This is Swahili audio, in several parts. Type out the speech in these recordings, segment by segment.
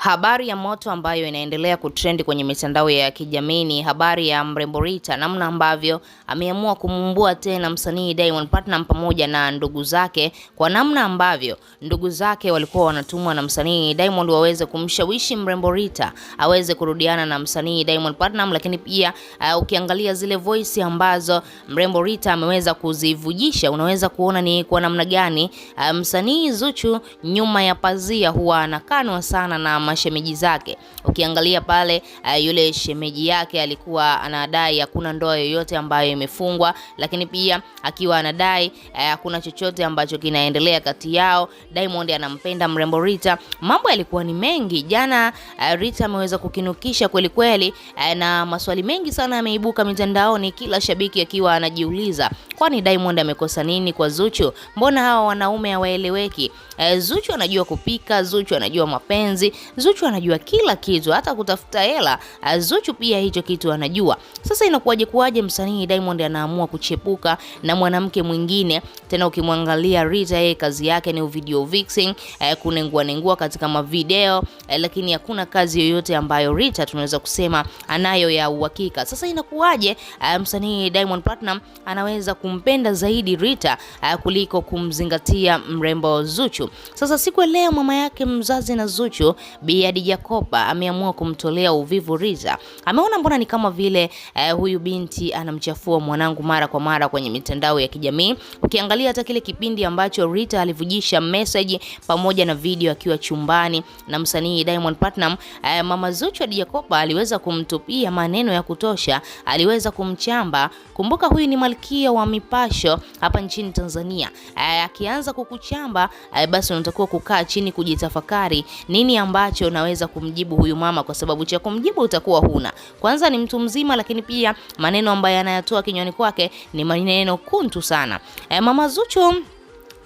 Habari ya moto ambayo inaendelea kutrendi kwenye mitandao ya kijamii ni habari ya mrembo Rita, namna ambavyo ameamua kumumbua tena msanii Diamond Platnumz pamoja na ndugu zake, kwa namna ambavyo ndugu zake walikuwa wanatumwa na msanii Diamond waweze kumshawishi mrembo Rita aweze kurudiana na msanii Diamond Platnumz. Lakini pia uh, ukiangalia zile voice ambazo mrembo Rita ameweza kuzivujisha, unaweza kuona ni kwa namna gani uh, msanii Zuchu nyuma ya pazia huwa anakanwa sana na mashemeji zake. Ukiangalia pale uh, yule shemeji yake alikuwa anadai hakuna ndoa yoyote ambayo imefungwa, lakini pia akiwa anadai eh, hakuna uh, chochote ambacho kinaendelea kati yao. Diamond anampenda mrembo Rita. Mambo yalikuwa ni mengi jana. Uh, Rita ameweza kukinukisha kweli kweli, uh, na maswali mengi sana yameibuka mitandaoni, kila shabiki akiwa anajiuliza, kwani Diamond amekosa nini kwa Zuchu? Mbona hawa wanaume hawaeleweki? Eh, Zuchu anajua kupika, Zuchu anajua mapenzi, Zuchu anajua kila kitu, hata kutafuta hela eh, Zuchu pia hicho kitu anajua. Sasa inakuwaje kuwaje msanii Diamond anaamua kuchepuka na mwanamke mwingine? Tena ukimwangalia Rita, yeye kazi yake ni video vixen, eh, kunengua nengua katika mavideo lakini hakuna kazi yoyote ambayo Rita tunaweza kusema anayo ya uhakika. Sasa inakuwaje msanii Diamond Platinum anaweza kumpenda zaidi Rita kuliko kumzingatia mrembo Zuchu? Sasa siku ya leo mama yake mzazi na Zuchu Bi Khadija Kopa ameamua kumtolea uvivu Riza. Ameona mbona ni kama vile eh, huyu binti anamchafua mwanangu mara kwa mara kwenye mitandao ya kijamii. Ukiangalia hata kile kipindi ambacho Rita alivujisha message pamoja na video akiwa chumbani na msanii Diamond Platinum, eh, mama Zuchu Khadija Kopa aliweza kumtupia maneno ya kutosha, aliweza kumchamba. Kumbuka huyu ni malkia wa mipasho hapa nchini Tanzania. Eh, akianza kukuchamba eh, basi unatakiwa kukaa chini kujitafakari nini ambacho unaweza kumjibu huyu mama, kwa sababu cha kumjibu utakuwa huna. Kwanza ni mtu mzima, lakini pia maneno ambayo anayatoa kinywani kwake ni maneno kuntu sana. E, mama Zuchu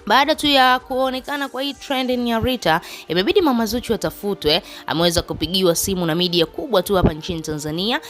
baada tu ya kuonekana kwa hii trending ya Rita, imebidi mama Zuchu atafutwe. Ameweza kupigiwa simu na media kubwa tu hapa nchini Tanzania.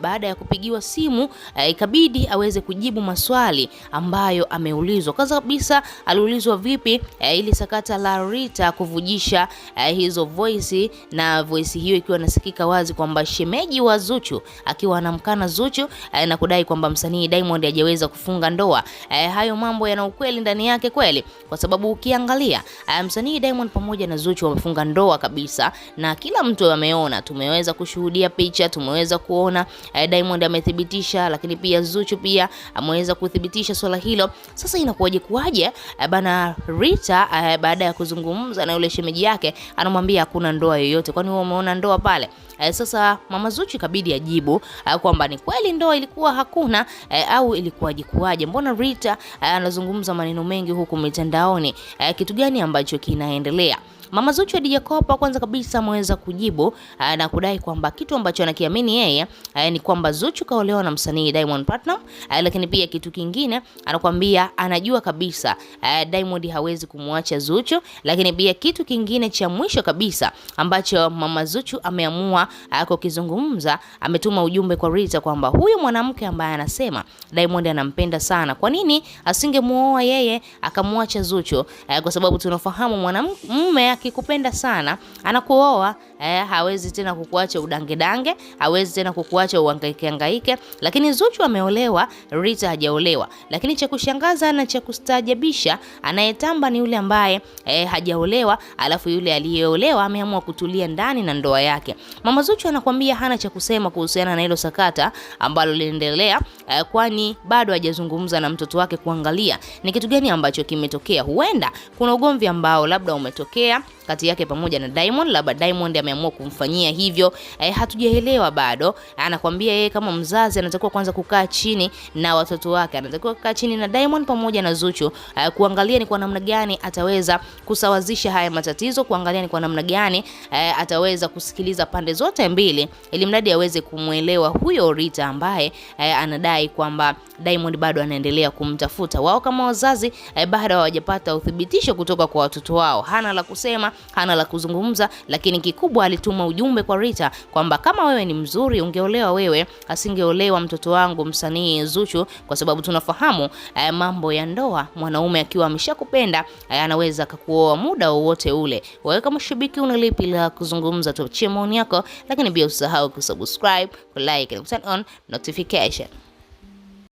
Baada ya kupigiwa simu, ikabidi aweze kujibu maswali ambayo ameulizwa. Kwanza kabisa, aliulizwa vipi ili sakata la Rita kuvujisha hizo voice, na voice hiyo ikiwa nasikika wazi kwamba shemeji wa Zuchu akiwa anamkana Zuchu na kudai kwamba msanii Diamond hajaweza kufunga ndoa. Hayo mambo yana ukweli ndani yake kweli? kwa sababu ukiangalia msanii Diamond pamoja na Zuchu wamefunga ndoa kabisa, na kila mtu ameona. Tumeweza kushuhudia picha, tumeweza kuona eh, Diamond amethibitisha, lakini pia Zuchu pia ameweza kuthibitisha swala hilo. Sasa inakuwaje kuwaje eh, bana? Rita eh, baada ya kuzungumza na yule shemeji yake, anamwambia hakuna ndoa yoyote, kwani wewe umeona ndoa pale? Sasa mama Zuchu ikabidi ajibu kwamba ni kweli ndoa ilikuwa hakuna au ilikuwaje kuwaje, mbona Rita anazungumza maneno mengi huku mitaani mitandaoni, eh, kitu gani ambacho kinaendelea. Mama Zuchu Khadija Kopa kwanza kabisa ameweza kujibu eh, na kudai kwamba kitu ambacho anakiamini yeye eh, ni kwamba Zuchu kaolewa na msanii Diamond Platnumz, eh, lakini pia kitu kingine anakuambia anajua kabisa Diamond hawezi kumwacha Zuchu, lakini pia kitu kingine cha mwisho kabisa ambacho mama Zuchu ameamua kukizungumza, ametuma ujumbe kwa Rita kwamba huyu mwanamke ambaye anasema Diamond anampenda sana, kwa nini asingemuoa yeye akamwacha Zuchu? Kwa sababu tunafahamu mwanamume akikupenda sana anakuoa eh, hawezi tena kukuacha udangedange, hawezi tena kukuacha uhangaike hangaike. Lakini Zuchu ameolewa, Rita hajaolewa. Lakini cha kushangaza na cha kustaajabisha, anayetamba ni yule ambaye eh, hajaolewa, alafu yule aliyeolewa ameamua kutulia ndani na ndoa yake. Mama Zuchu anakuambia hana cha kusema kuhusiana na hilo sakata ambalo linaendelea eh, kwani bado hajazungumza na mtoto wake kuangalia ni kitu gani ambacho kimetokea. Huenda kuna ugomvi ambao labda umetokea kati yake pamoja na Diamond, labda Diamond ameamua kumfanyia hivyo e, hatujaelewa bado. Anakwambia yeye kama mzazi anatakiwa kwanza kukaa chini na watoto wake, anatakiwa kukaa chini na Diamond pamoja na Zuchu e, kuangalia ni kwa namna gani ataweza kusawazisha haya matatizo, kuangalia ni kwa namna gani e, ataweza kusikiliza pande zote mbili, ili mradi aweze kumwelewa huyo Rita ambaye e, anadai kwamba Diamond bado anaendelea kumtafuta. Wao kama wazazi e, bado hawajapata uthibitisho kutoka kwa watoto wao, hana la kusema kusema, hana la kuzungumza, lakini kikubwa alituma ujumbe kwa Rita kwamba kama wewe ni mzuri ungeolewa wewe, asingeolewa mtoto wangu msanii Zuchu, kwa sababu tunafahamu eh, mambo ya ndoa, mwanaume akiwa ameshakupenda eh, anaweza akakuoa muda wowote ule. Wewe kama shabiki una lipi la kuzungumza? Tuachie maoni yako, lakini pia usahau kusubscribe, kulike na turn on notification.